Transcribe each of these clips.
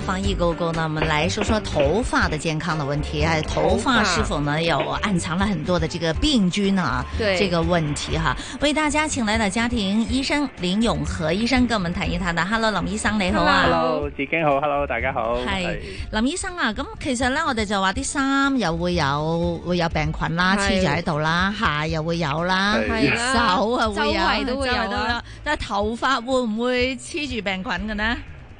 防疫哥哥呢，我們來說說頭髮的健康的問題啊， 頭髮是否呢有暗藏了很多的這個病菌啊？對，這個問題哈、啊，為大家請來了家庭醫生林永和醫生跟我們談一談的。Hello，林醫生你好啊。Hello，子京好。Hello，大家好。係是是林醫生啊，咁其實呢，我哋就話啲衫又會有會有病菌啦，黐住喺度啦，鞋又會有啦，的手啊會有，的周圍都會有。會有，但係頭髮會唔會黐住病菌嘅呢？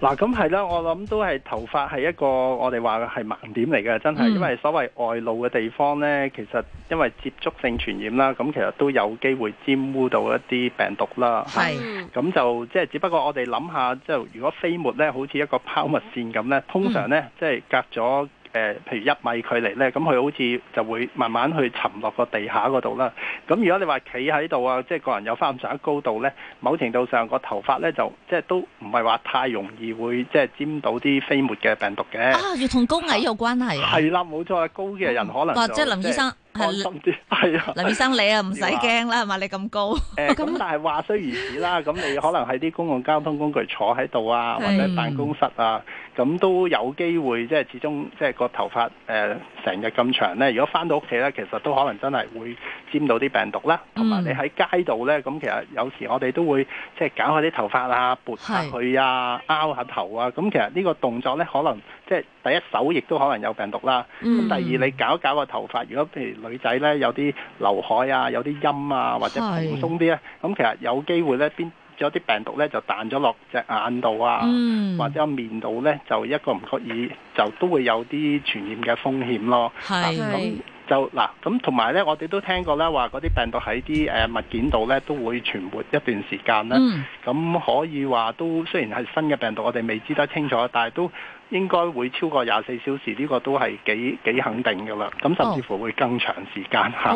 嗱，咁係啦，我諗都係頭髮係一個我哋話係盲點嚟嘅，真係，因為所謂外露嘅地方呢，其實因為接觸性傳染啦，咁其實都有機會沾污到一啲病毒啦。係是，咁就即係只不過我哋諗下，即係如果飛沫呢，好似一個拋物線咁呢，通常呢，即係、嗯、隔咗。誒，譬如一米距離咧，咁佢好似就會慢慢去沉落個地下嗰度啦。咁如果你話企喺度啊，即係個人有翻五十嘅高度咧，某程度上個頭髮咧就即係都唔係話太容易會即係沾到啲飛沫嘅病毒嘅。啊，要同高矮有關係？係啦，冇錯，高嘅人可能。哇，即係林醫生，係放心啲。係啊，林醫生你啊唔使驚啦，係嘛？你咁高。誒，咁但係話雖如此啦，咁你可能喺啲公共交通工具坐喺度啊，或者喺辦公室啊。咁都有機會，即係始終即係個頭髮誒成、呃、日咁長咧。如果返到屋企咧，其實都可能真係會沾到啲病毒啦。同埋、嗯、你喺街度咧，咁其實有時我哋都會即係搞下啲頭髮啊，撥下佢啊，撓下頭啊。咁、嗯、其實呢個動作咧，可能即係第一手亦都可能有病毒啦。咁、嗯、第二，你搞一搞個頭髮，如果譬如女仔咧有啲劉海啊，有啲陰啊，或者蓬鬆啲咧，咁是、嗯、其實有機會咧邊？有啲病毒咧就彈咗落隻眼度啊，嗯、或者面度咧就一個唔覺意就都會有啲傳染嘅風險咯。係咁就嗱，咁同埋咧，我哋都聽過咧話，嗰啲病毒喺啲誒物件度咧都會存活一段時間啦。咁、嗯、可以話都雖然係新嘅病毒，我哋未知得清楚，但係都應該會超過廿四小時。呢個都係幾幾肯定噶啦。咁甚至乎會更長時間嚇。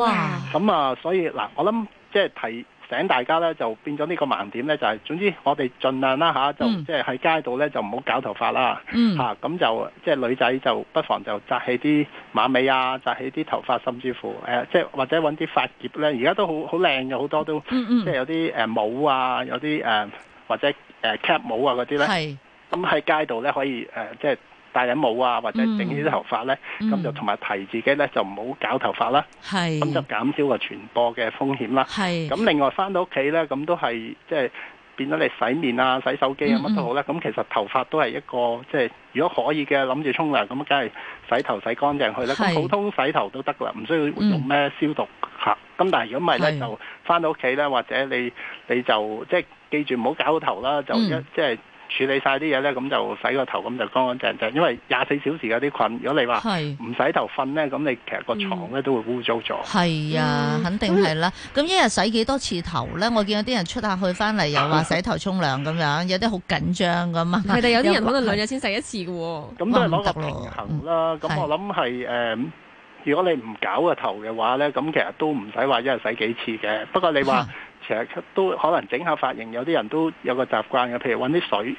咁啊，所以嗱、啊，我諗即係睇。就是請大家咧就變咗呢個盲點咧，就係、是、總之我哋盡量啦嚇、啊，就即係喺街度咧就唔好搞頭髮啦嚇，咁、嗯啊、就即係、就是、女仔就不妨就紮起啲馬尾啊，紮起啲頭髮，甚至乎誒即係或者揾啲髮夾咧，而家都好好靚嘅，好多都嗯嗯即係有啲誒、呃、帽啊，有啲誒、呃、或者誒 cap、呃、帽、帽啊嗰啲咧，咁喺是、嗯、街度咧可以誒、呃呃呃、即係。戴緊帽啊，或者整起啲頭髮咧，咁就同埋提自己咧就唔好搞頭髮啦，咁就減少個傳播嘅風險啦。咁另外翻到屋企咧，咁都係即係變咗你洗面啊、洗手機啊乜都好啦。咁其實頭髮都係一個即係如果可以嘅諗住沖涼，咁梗係洗頭洗乾淨去啦。咁普通洗頭都得噶啦，唔需要用咩消毒嚇。咁但係如果唔係咧，就翻到屋企咧，或者你你就即係記住唔好搞頭啦，就一即係。處理曬啲嘢咧，咁就洗個頭咁就乾乾淨淨。因為廿四小時有啲菌，如果你話唔洗頭瞓咧，咁你其實個牀咧都會污糟咗。係啊，肯定係啦。咁一日洗幾多次頭咧？我見有啲人出下去返嚟又話洗頭沖涼咁樣，有啲好緊張㗎嘛。佢哋有啲人可能兩日先洗一次㗎喎。咁都係攞個平衡啦。咁我諗係誒，如果你唔搞個頭嘅話咧，咁其實都唔使話一日洗幾次嘅。不過你話。其實都可能整下髮型，有啲人都有個習慣嘅，譬如揾啲水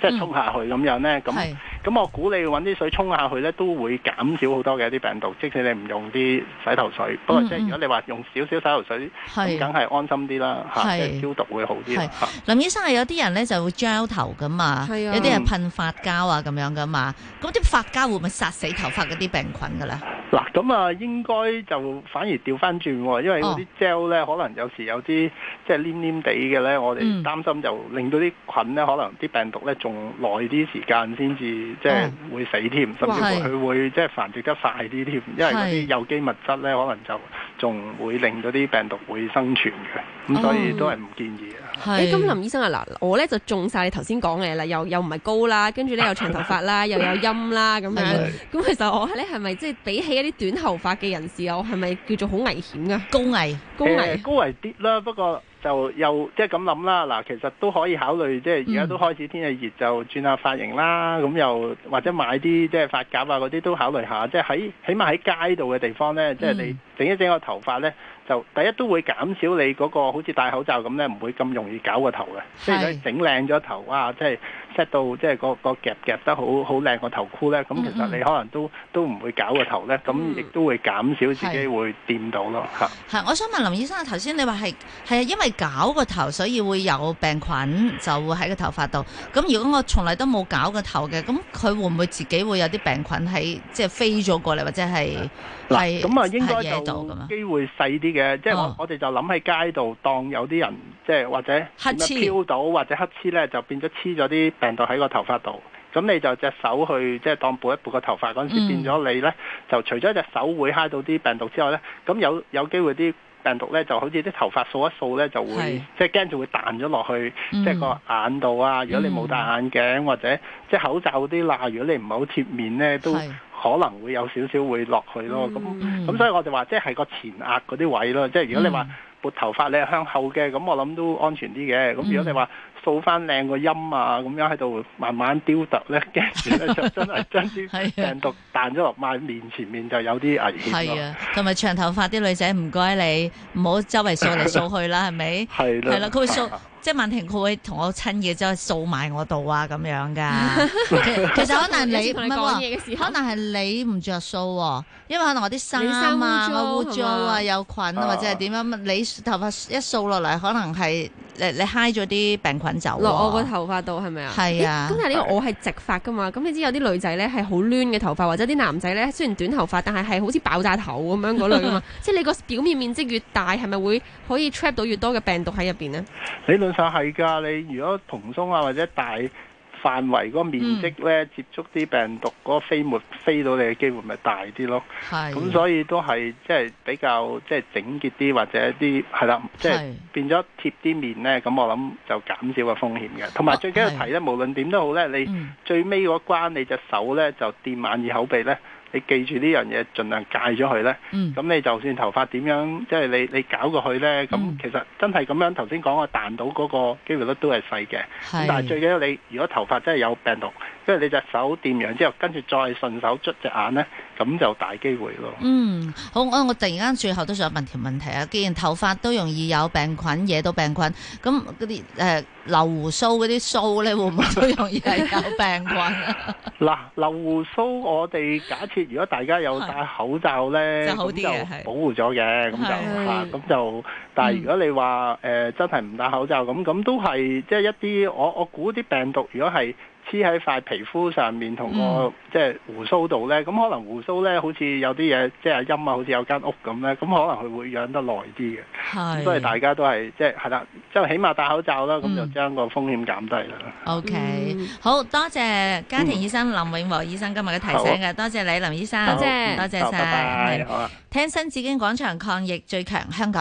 即係沖下去咁樣咧。咁咁我估你揾啲水沖下去咧，都會減少好多嘅一啲病毒。即使你唔用啲洗頭水，不過即係、嗯嗯、如果你話用少少洗頭水，係梗係安心啲啦。嚇是，係消毒會好啲。是是林醫生，係有啲人咧就會 gel 頭噶嘛，啊、有啲人噴髮膠啊咁樣噶嘛。咁啲髮膠會唔會殺死頭髮嗰啲病菌噶咧？嗱，咁啊，應該就反而掉翻轉喎，因為啲 gel 咧，可能有時有啲即係黏黏地嘅咧，我哋擔心就令到啲菌咧，可能啲病毒咧，仲耐啲時間先至即係會死添，甚至乎佢會即係繁殖得快啲添，因為嗰啲有機物質咧，可能就。仲會令到啲病毒會生存嘅，咁所以都係唔建議啊。係、哦。咁、欸、林醫生啊，嗱，我咧就中晒你頭先講嘅嘢啦，又又唔係高啦，跟住咧又長頭髮啦， 又有陰啦，咁樣。咁的、嗯、其實我咧係咪即係比起一啲短頭髮嘅人士，我係咪叫做好危險㗎藝藝、欸？高危，高危。高危啲啦，不過。就又即係咁諗啦，嗱，其實都可以考慮，即係而家都開始天氣熱，就轉下髮型啦。咁又或者買啲即係髮夾啊嗰啲都考慮下，即係喺起碼喺街度嘅地方咧，即係你整一整個頭髮咧，就第一都會減少你嗰個好似戴口罩咁咧，唔會咁容易搞個頭嘅。即係如果整靚咗頭，啊，即係 set 到即係個個夾夾得好好靚個頭箍咧，咁其實你可能都都唔會搞個頭咧，咁亦都會減少自己會掂到咯。嚇！係，我想問林醫生啊，頭先你話係係啊因為。搞個頭，所以會有病菌，就會喺個頭髮度。咁如果我從嚟都冇搞個頭嘅，咁佢會唔會自己會有啲病菌喺，即係飛咗過嚟，或者係嗱，咁啊那，在應該就機會細啲嘅。哦、即係我哋就諗喺街度，當有啲人即係或者飄到或者黑黐咧，就變咗黐咗啲病毒喺個頭髮度。咁你就隻手去即係、就是、當撥一撥個頭髮嗰陣時，嗯、變咗你咧就除咗隻手會揩到啲病毒之外咧，咁有有機會啲病毒咧就好似啲頭髮掃一掃咧就會，即係驚就會彈咗落去，嗯、即係個眼度啊！如果你冇戴眼鏡、嗯、或者即係口罩嗰啲啦，如果你唔係好貼面咧都。可能會有少少會落去咯，咁咁、嗯嗯、所以我就話，即係個前額嗰啲位咯。即係如果你話撥頭髮咧向後嘅，咁我諗都安全啲嘅。咁如果你話掃翻靚個音啊，咁樣喺度慢慢雕突咧，驚住咧就真係將啲病毒彈咗落埋面前面，就有啲危險。係 啊，同埋長頭髮啲女仔唔該你，唔好周圍掃嚟掃去啦，係咪？係啦、啊，係啦、啊，佢、啊、會掃。即係曼婷，佢會同我親嘢之後掃埋我度啊，咁樣噶。 其實可能你唔係喎，可能係你唔著數，因為可能我啲衫啊、我污糟啊、啊吧有菌啊，啊或者係點樣，你頭髮一掃落嚟，可能係。你你揩咗啲病菌走，哦，落我個頭髮度係咪啊？係啊。咁但係呢個我係直髮噶嘛？咁是、啊、你知有啲女仔咧係好攣嘅頭髮，或者啲男仔咧雖然短頭髮，但係係好似爆炸頭咁樣嗰類啊嘛。 即係你個表面面積越大，係咪會可以 trap 到越多嘅病毒喺入邊呢？理論上係噶，你如果蓬鬆啊或者大。範圍嗰個面積咧，接觸啲病毒嗰個飛沫飛到你嘅機會咪大啲咯。係是，咁所以都係即係比較即係整潔啲或者啲係啦，即係變咗貼啲面咧。咁我諗就減少個風險嘅。同埋最緊要提咧，啊、無論點都好咧的，你最尾嗰關你隻手咧就掂眼耳口鼻咧。你記住呢樣嘢，盡量戒咗佢呢。嗯，咁你就算頭髮點樣，即係你你搞過去呢，咁、嗯、其實真係咁樣頭先講個彈到嗰個機會率都係細嘅。是但係最緊要你如果頭髮真係有病毒，即係你隻手掂完之後，跟住再順手捽隻眼呢，咁就大機會咯。嗯，好，我突然間最後都想問條問題啊。既然頭髮都容易有病菌惹到病菌，咁嗰啲誒，呃留鬍鬚嗰啲須咧，會唔會都容易係有病菌？嗱，留鬍鬚，我哋假設如果大家有戴口罩咧，就好啲嘅，保護咗嘅，咁就吓，咁就，但係如果你話誒真係唔戴口罩咁，咁都係即係一啲，我我估啲病毒如果係。黐喺塊皮膚上面同個、嗯、即係鬍鬚度咧，咁可能胡鬚咧好似有啲嘢即係陰啊，好似有，有間屋咁咧，咁可能佢會養得耐啲嘅。係是，所以大家都係即係係啦，即係起碼戴口罩啦，咁、嗯、就將個風險減低啦。OK，好多謝家庭醫生林永和醫生今日嘅提醒嘅，嗯、多謝你好林醫生，好多謝多謝曬。聽新紫荊廣場抗疫最強香港。